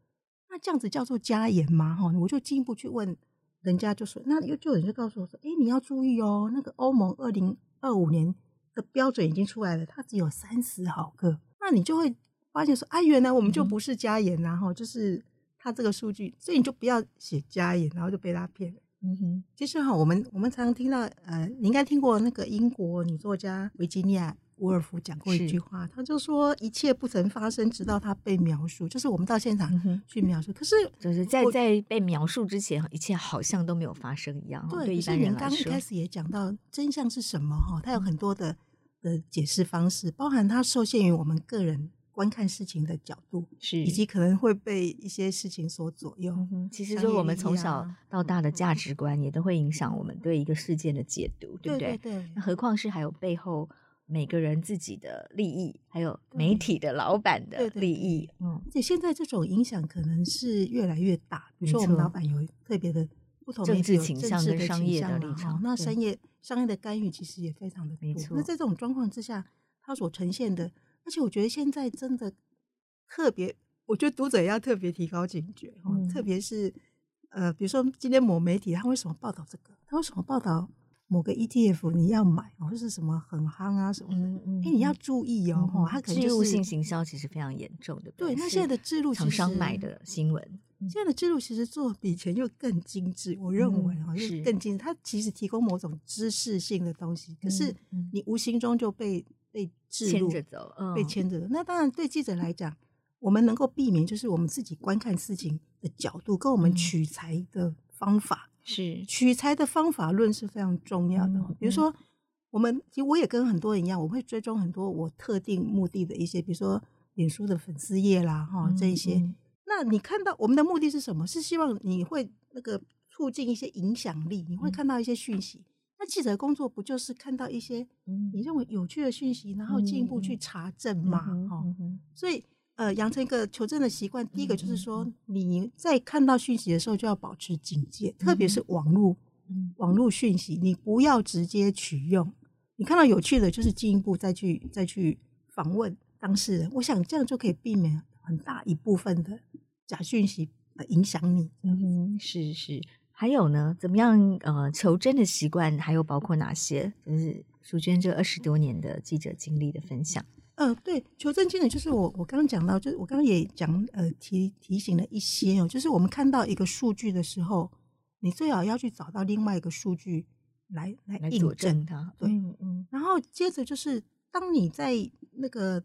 那這樣子叫做加鹽嘛，哈，我就進一步去問人家，就說那就有人就告訴我說，哎、欸，你要注意哦、喔，那個歐盟二零二五年的標準已經出來了，它只有三十毫克，那你就會發現說，哎、啊，原來我們就不是加鹽、啊，然後、嗯、就是它這個數據，所以你就不要寫加鹽，然後就被它騙。嗯哼，其實哈，我們我們常常聽到，呃，你應該聽過那個英國女作家維吉尼亞、伍爾芙講過一句話，他就說：“一切不曾發生，直到他被描述。”就是我們到現場去描述，可是就是在在被描述之前，一切好像都沒有發生一樣。對一般人來說，剛一開始也講到真相是什麼？哈，它有很多的的解釋方式，包含它受限於我們個人觀看事情的角度，是以及可能會被一些事情所左右。其實，就我們從小到大的價值觀也都會影響我們對一個事件的解讀，對不對？對，何況是還有背後。每個人自己的利益，還有媒體的老闆的利益，嗯，而且現在這種影響可能是越來越大。比如說，我們老闆有特別的不同政治傾向跟商業的立場，那商業對商業的干預其實也非常的多。那錯在這種狀況之下，他所呈現的，而且我覺得現在真的特別，我覺得讀者要特別提高警覺，嗯、特別是呃，比如說今天某媒體他為什麼報道這個，他為什麼報道？某個 ETF 你要買，或，就是什麼很夯啊什麼的，嗯嗯欸，你要注意哦，嗯，它其實可能就是置入性行銷，其實非常嚴重的。對，不對，對，那現在的置入其實廠商買的新聞，嗯，現在的置入其實做比以前又更精致，我認為是，嗯，更精致。是它其實提供某種知識性的東西，可是你無形中就被被置入，牽著走哦，被牽着走。那當然，對記者來講，我們能夠避免，就是我們自己觀看事情的角度，跟我們取材的方法。是取材的方法論是非常重要的，嗯嗯、比如說，我們其實我也跟很多人一樣，我會追蹤很多我特定目的的一些，比如說臉書的粉絲頁啦，哈這一些。嗯嗯、那你看到我們的目的是什麼？是希望你會那個促進一些影響力，你會看到一些訊息。嗯、那記者工作不就是看到一些你認為有趣的訊息，然後進一步去查證嘛？哈，所以。呃，養成一個求真的習慣。第一個就是說，嗯嗯，你在看到訊息的時候就要保持警戒，嗯嗯，特別是網絡，網絡訊息，你不要直接取用。你看到有趣的就是進一步再去再去訪問當事人。我想這樣就可以避免很大一部分的假訊息影響你。嗯，嗯，是是。還有呢，怎麼樣？呃，求真的習慣還有包括哪些？就是淑娟這二十多年的記者經歷的分享。嗯、呃，對，求證經理就是我，我剛剛講到，就是我剛剛也講，呃，提提醒了一些哦，就是我們看到一個數據的時候，你最好要去找到另外一個數據來來印證、來佐證它。對，嗯嗯，然後接着就是，當你在那個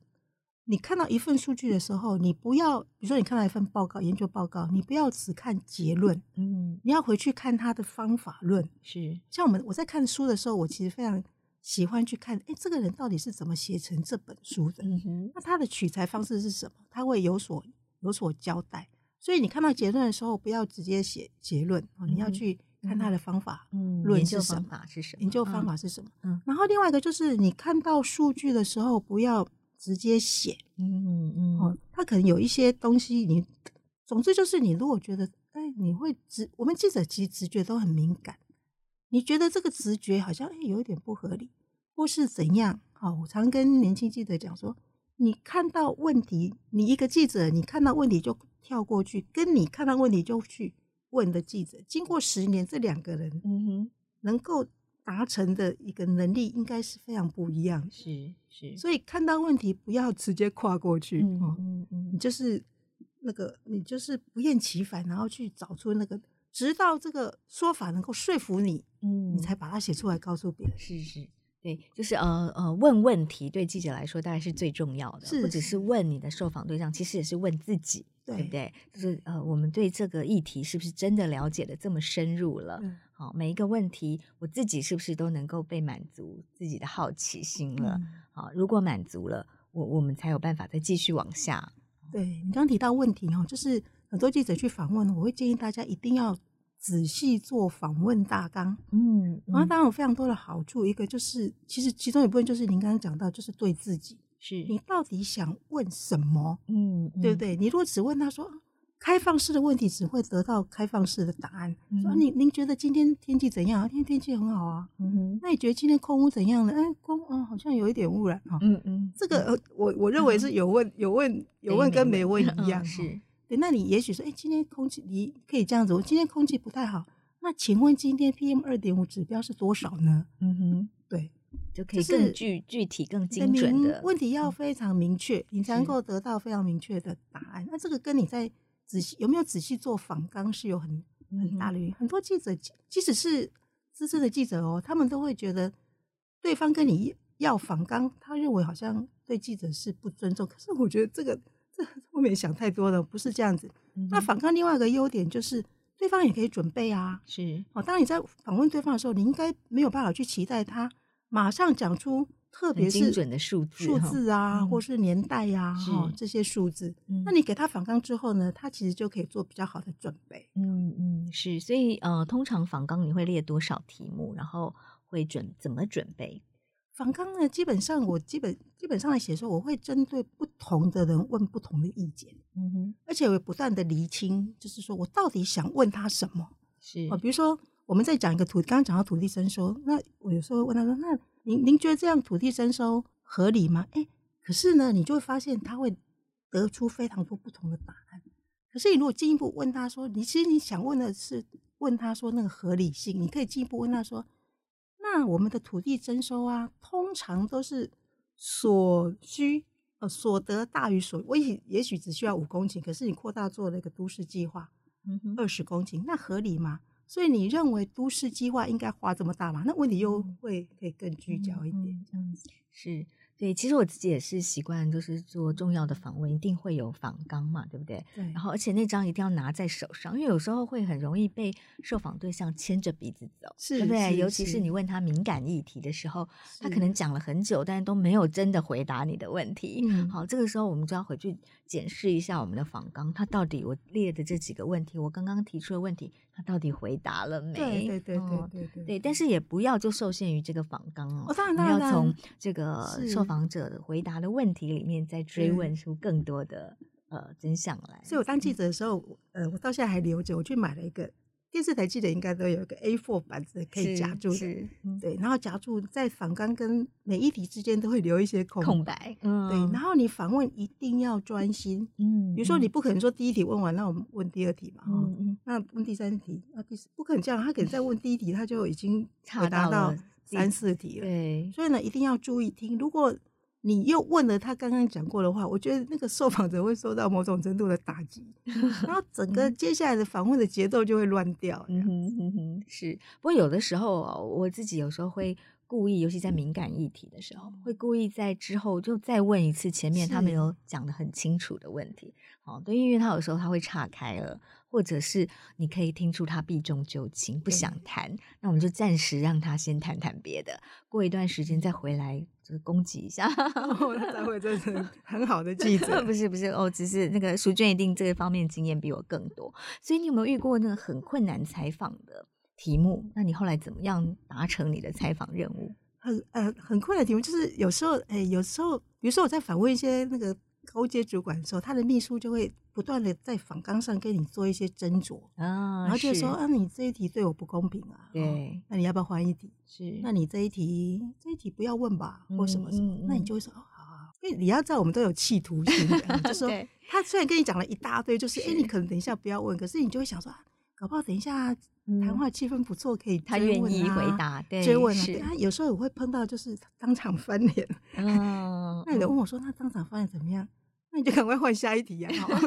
你看到一份數據的時候，你不要，比如說你看到一份報告、研究報告，你不要只看結論，嗯，你要回去看它的方法論。是，像我們我在看書的時候，我其實非常。喜歡去看，哎，這個人到底是怎麼寫成這本書的？嗯哼，那他的取材方式是什麼？他會有所有所交代。所以你看到結論的時候，不要直接寫結論，嗯哦、你要去看他的方法、嗯、論是什麼，研究方法是什麼，研究方法是什麼。嗯、然後另外一個就是，你看到數據的時候，不要直接寫。嗯嗯，嗯哦，他可能有一些東西你，你總之就是，你如果覺得，哎，你會直，我們記者其實直覺都很敏感。你覺得這個直覺好像有一點不合理，或是怎樣？好，我常跟年輕記者講說，你看到問題，你一個記者，你看到問題就跳過去，跟你看到問題就去問的記者，經過十年，這兩個人，能夠達成的一個能力，應該是非常不一樣是。是是，所以看到問題不要直接跨過去，嗯、嗯、嗯，你就是那個，你就是不厭其煩，然後去找出那個。直到這個說法能夠說服你，嗯，你才把它寫出來告訴別人。是是對，就是呃呃，問問題對記者來說，大概是最重要的，不只是，是問你的受訪對象，其實也是問自己，對，對不對？就是呃，我們對這個議題是不是真的了解得這麼深入了？嗯、好，每一個問題，我自己是不是都能夠被滿足自己的好奇心了？嗯、好，如果滿足了，我我們才有辦法再繼續往下。對，你剛剛提到問題哦，就是。很多記者去訪問，我會建議大家一定要仔細做訪問大綱、嗯。嗯，然後當然有非常多的好處，一個就是其實其中一部分就是您剛剛講到，就是對自己，是你到底想問什麼？嗯，嗯對不對，對？你如果只問他說開放式的問題，只會得到開放式的答案。說您您覺得今天天氣怎樣？今天天氣很好啊。嗯哼那你覺得今天空污怎樣呢？哎、欸，空污啊，好像有一點污染啊、嗯。嗯嗯，這個我我認為是有問、嗯、有問有問跟沒問一樣。嗯嗯嗯嗯、是。對，那你也許說，哎、欸，今天空氣你可以這樣子。我今天空氣不太好，那請問今天 PM 二點五指標是多少呢？嗯哼，對，就可以更具、就是、具體、更精準的。的問題要非常明確，嗯、你才能夠得到非常明確的答案。是那這個跟你在仔細有沒有仔細做訪綱是有很很大的，嗯、很多記者即使是資深的記者哦，他們都會覺得對方跟你要訪綱，他認為好像對記者是不尊重。可是我覺得這個。後面 想太多了，不是這樣子。嗯、哼那訪綱另外一個優點就是，對方也可以準備啊，是哦。當你在訪問對方的時候，你應該沒有辦法去期待他馬上講出，特別、啊、精準的數字，數字啊，或是年代呀、啊，嗯、哼這些數字。是那你給他訪綱之後呢，他其實就可以做比較好的準備。嗯嗯，是。所以呃，通常訪綱你會列多少題目，然後會準怎麼準備？訪綱呢，基本上我基本基本上來寫的時候，我會針對不同的人問不同的意見，嗯、哼而且我不斷的釐清，就是說我到底想問他什麼，是、啊、比如說我們在講一個土，剛剛講到土地徵收，那我有時候會問他說，那您您覺得這樣土地徵收合理嗎？哎、欸，可是呢，你就會發現他會得出非常多不同的答案。可是你如果進一步問他說，你其實你想問的是問他說那個合理性，嗯、你可以進一步問他說。那我們的土地徵收啊，通常都是所需呃所得大於所。我也許只需要五公頃，可是你擴大做了一個都市計劃，嗯哼，二十公頃，那合理嗎？所以你認為都市計劃應該花這麼大嗎？那問題又會可以更聚焦一點，嗯嗯嗯嗯、這樣子是。對，其實我自己也是習慣，就是做重要的訪問，一定會有訪綱嘛，對不對？對。然後，而且那張一定要拿在手上，因為有時候會很容易被受訪對象牽着鼻子走，是對不對？尤其是你問他敏感議題的時候，是他可能講了很久，但是都沒有真的回答你的問題。嗯是。好，這個時候我們就要回去檢視一下我們的訪綱，他到底我列的這幾個問題，我剛剛提出的問題，他到底回答了沒？對對對對對，對，哦，、對但是也不要就受限於這個訪綱哦，我當然要從這個是受。訪者的回答的問題裡面，再追問出更多的、嗯、呃真相來。所以我當記者的時候，嗯、呃，我到現在還留着，我去買了一個電視台記者應該都有一個 A4 板子可以夾住的，是是嗯、對，然後夾住在訪談跟每一題之間都會留一些空空白，嗯、對，然後你訪問一定要專心，嗯，比如說你不可能說第一題問完，那我們問第二題嘛，嗯嗯，那問第三題，那第四不可能這樣，他可能再問第一題，嗯、他就已經查到對對三四題了，對所以呢，一定要注意聽。如果你又問了他剛剛講過的話，我覺得那個受訪者會受到某種程度的打擊， 然後整個接下來的訪問的節奏就會亂掉，嗯哼。嗯哼，是。不過有的時候，我自己有時候會，故意，尤其在敏感議題的時候，會故意在之後就再問一次前面他沒有講得很清楚的問題。是哦，對，因為他有時候他會岔開了，或者是你可以聽出他避重就輕，不想談。對那我們就暫時讓他先談談別的，過一段時間再回來就是攻擊一下，我、哦、再會就是很好的記者。 不是不是哦，只是那個淑娟一定這一方面經驗比我更多，所以你有沒有遇過那個很困難採訪的？題目？那你後來怎麼樣達成你的採訪任務？很呃，很困難的題目，就是有時候哎、欸、有時候，比如說我在訪問一些那個高階主管的時候，他的秘書就會不斷的在訪綱上跟你做一些斟酌啊，然後就說是啊，你這一題對我不公平啊，對、嗯，那你要不要換一題？是，那你這一題這一題不要問吧，或什麼什麼，嗯嗯、那你就會說哦好，好，好。因為你要知道我們都有企圖心， 對就說他雖然跟你講了一大堆，就是哎是、欸、你可能等一下不要問，可是你就會想說，啊、搞不好等一下。談話氣氛不錯，可以他願、啊、意回答，對，追問啊，是對，有時候我會碰到，就是當場翻臉，那、嗯、 你問我說，那當場翻臉怎麼樣？那就趕快換下一題啊！ 好啊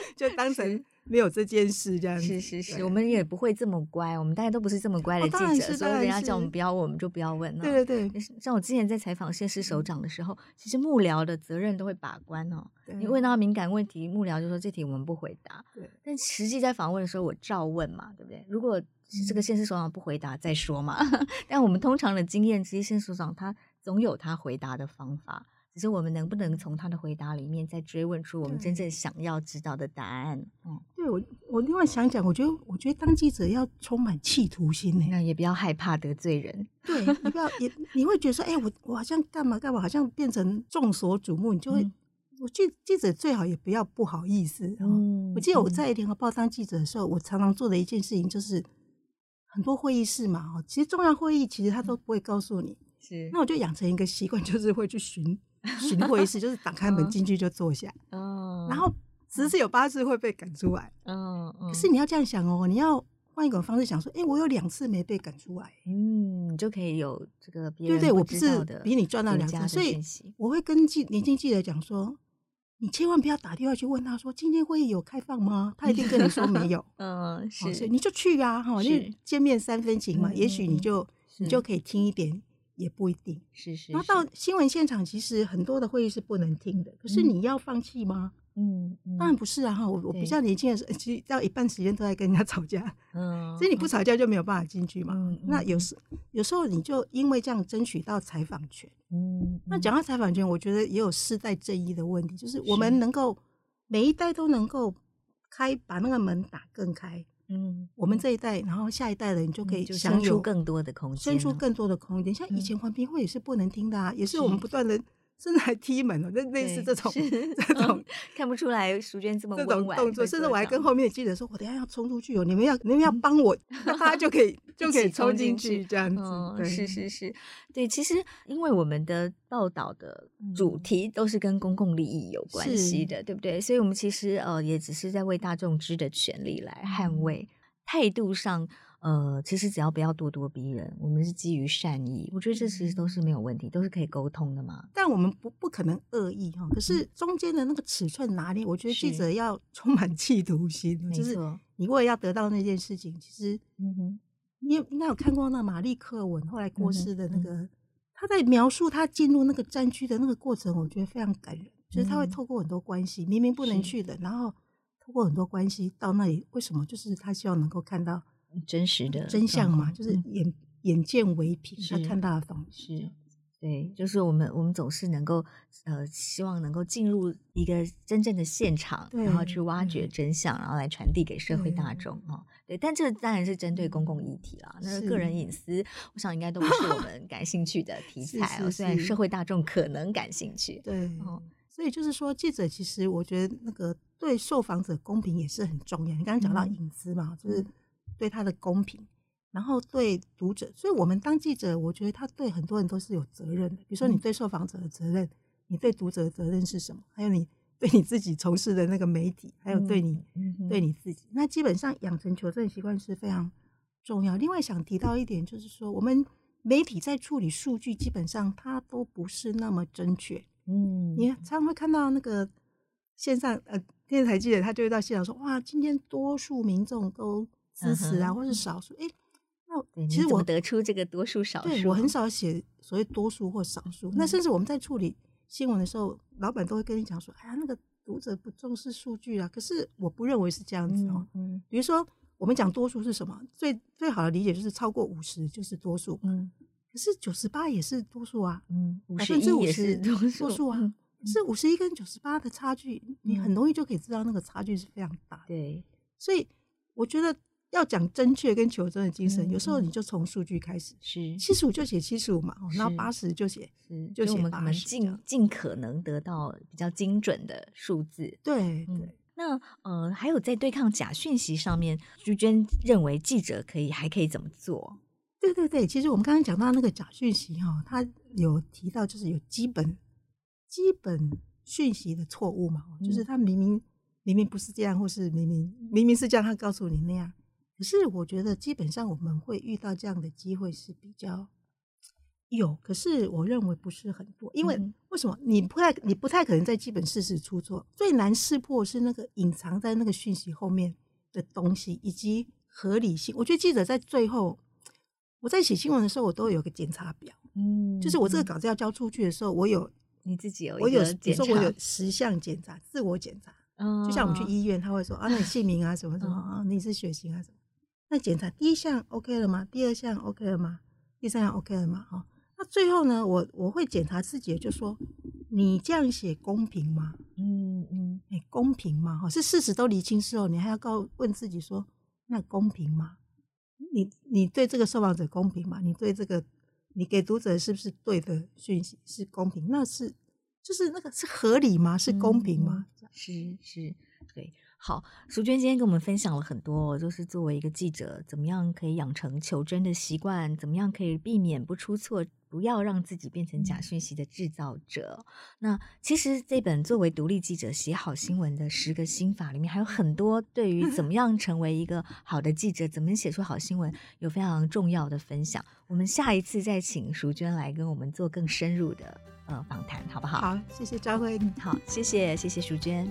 就當成沒有這件事這樣子。是是是，對我們也不會這麼乖，我們大家都不是這麼乖的記者，哦、所以人家叫我們不要問，我們就不要問、哦。對對對。像我之前在採訪縣市首長的時候，嗯、其實幕僚的責任都會把關哦。嗯、你問到敏感問題，幕僚就說，這題我們不回答。對。但實際在訪問的時候，我照問嘛，對不對？如果這個縣市首長不回答，再說嘛。 但我們通常的經驗，其實縣市首長他總有他回答的方法。可是我們能不能從他的回答裡面再追問出我們真正想要知道的答案？嗯，對，我我另外想講，我覺得我覺得當記者要充滿企圖心，那樣也不要害怕得罪人。 對，你不要也，你會覺得說哎、欸，我我好像幹嘛幹嘛，好像變成眾所矚目，你就會。嗯、我記記者最好也不要不好意思、喔。嗯，我記得我在聯合報當記者的時候，我常常做的一件事情就是很多會議室嘛、喔，哦，其實重要會議其實他都不會告訴你。是，那我就養成一個習慣，就是會去尋。尋過一次，就是打開門，進去就坐下，哦、然後十次有八次會被趕出來，哦嗯、可是你要這樣想哦、喔，你要換一個方式想說，哎、欸，我有兩次沒被趕出來，嗯，你就可以有這個別人不知道的對，對對，我不是比你賺到兩次，所以我會跟進年輕記者講說，你千萬不要打電話去問他說今天會議有開放嗎？他一定跟你說沒有， 嗯、哦，是，所以你就去啊。哈，就是見面三分情嘛，嗯、也許你就、嗯、你就可以聽一點。也不一定是，是是，然後新聞現場，其實很多的會議是不能聽的。嗯、可是你要放棄嗎？嗯？嗯，當然不是啊！哈對，我我比較年輕的時候，其實到一半時間都在跟人家吵架。嗯，所以你不吵架就沒有辦法進去嘛。嗯、那有時有時候你就因為這樣爭取到採訪權嗯。嗯，那講到採訪權，我覺得也有世代正義的問題，就是我們能夠每一代都能夠開把那個門打更開。嗯，我們這一代，然後下一代人就可以生出更多的空間，生出，嗯就是，更多的空間。像以前環評會也是不能聽的啊，對也是我們不斷的甚至還踢門那對類似這種，是這種，嗯、看不出來淑娟這麼會這種動作，甚至我還跟後面的記者說：“我等下要衝出去哦，喔，你們要，你們要幫我，他，嗯、就可以。”就可以衝進去這樣子，哦、對是是是，對。其實因為我們的報道的主題都是跟公共利益有關係的，是對不對？所以，我們其實呃，也只是在為大眾知的權利來捍衛。態、嗯、度上，呃，其實只要不要咄咄逼人，我們是基於善意，我覺得這其實都是沒有問題，都是可以溝通的嘛。但我們不不可能惡意哈、哦，可是中間的那個尺寸哪裡？嗯、我覺得記者要充滿企圖心，是就是你為了要得到那件事情，其實嗯哼。你應該有看過那瑪麗克文，後來過世的那個，他在描述他進入那個戰區的那個過程，我覺得非常感人。就是他會透過很多關係，明明不能去的，然後透過很多關係到那裡，為什麼？就是他希望能夠看到真實的真相嘛，就是眼眼見為憑，他看到的東西、嗯。對，就是我們，我們總是能夠，呃，希望能夠進入一個真正的現場，對然後去挖掘真相，然後來傳遞給社會大眾哈對、哦，對，但這當然是針對公共議題了。對那個，個人隱私，是我想應該都不是我們感興趣的題材哦。 是是是雖然社會大眾可能感興趣，對。哦、所以就是說，記者其實我覺得那個對受訪者公平也是很重要。你剛剛講到隱私嘛，嗯、就是對他的公平。然後對讀者，所以我們當記者，我覺得他對很多人都是有責任的。比如說，你對受訪者的責任，你對讀者的責任是什麼？還有你對你自己從事的那個媒體，還有對你對你自己，那基本上養成求證習,習慣是非常重要。另外，想提到一點就是說，我們媒體在處理數據，基本上它都不是那麼正確。嗯，你常會看到那個線上呃電視台記者，他就會到現場說：“哇，今天多數民眾都支持啊，或是少數、嗯其實我得出這個多數少數對，我很少寫所謂多數或少數。那、嗯、甚至我們在處理新聞的時候，老板都會跟你講說：“哎呀，那個讀者不重視數據啊。”可是我不認為是這樣子哦。嗯。嗯比如說，我們講多數是什麼？最最好的理解就是超過五十就是多數。嗯。可是九十八也是多數啊。嗯。百分之五十多數啊，嗯、是五十一跟九十八的差距，嗯、你很容易就可以知道那個差距是非常大的。對。所以我覺得。要講真確跟求真的精神，嗯嗯有時候你就從數據開始，七十五就寫七十五嘛，是然後八十就寫是就寫寫我們盡盡樣可能得到比較精準的數字。對對，那呃、嗯，還有在對抗假訊息上面，朱淑娟認為記者可以還可以怎麼做？對對對，其實我們剛剛講到那個假訊息哈，他有提到就是有基本基本訊息的錯誤嘛，就是他明明明明不是這樣，或是明明明明是這樣，他告訴你那樣。可是我覺得基本上我們會遇到這樣的機會是比較有，可是我認為不是很多，因為為什麼？你不太你不太可能在基本事實出錯，最難識破是那個隱藏在那個訊息後面的東西以及合理性。我覺得記者在最後，我在寫新聞的時候，我都有個檢查表，嗯，就是我這個稿子要交出去的時候，我有你自己有一個檢查，我有，你說我有十項檢查，自我檢查，嗯、哦，就像我們去醫院，他會說啊，那你姓名啊，什麼什麼、哦、啊，你是血型啊，什麼。那檢查第一項 OK 了嗎？第二項 OK 了嗎？第三項 OK 了嗎？哈、哦，那最後呢？我我會檢查自己的就是說，就說你這樣寫公平嗎？嗯嗯、欸，公平嗎？哈、哦，是事實都理清之後，你還要告問自己說，那公平嗎？你你對這個受訪者公平嗎？你對這個，你給讀者是不是對的訊息是公平？那是就是那個是合理嗎？是公平嗎？嗯、是是，對。好，淑娟今天跟我們分享了很多，就是作為一個記者，怎麼樣可以養成求真的習慣，怎麼樣可以避免不出錯，不要讓自己變成假訊息的製造者。嗯、那其實這本《作為獨立記者寫好新聞的十個心法》裡面還有很多對於怎麼樣成為一個好的記者，嗯、怎麼寫出好新聞，有非常重要的分享。我們下一次再請淑娟來跟我們做更深入的呃訪談，好不好？好，謝謝兆徽。好，謝謝，謝謝淑娟。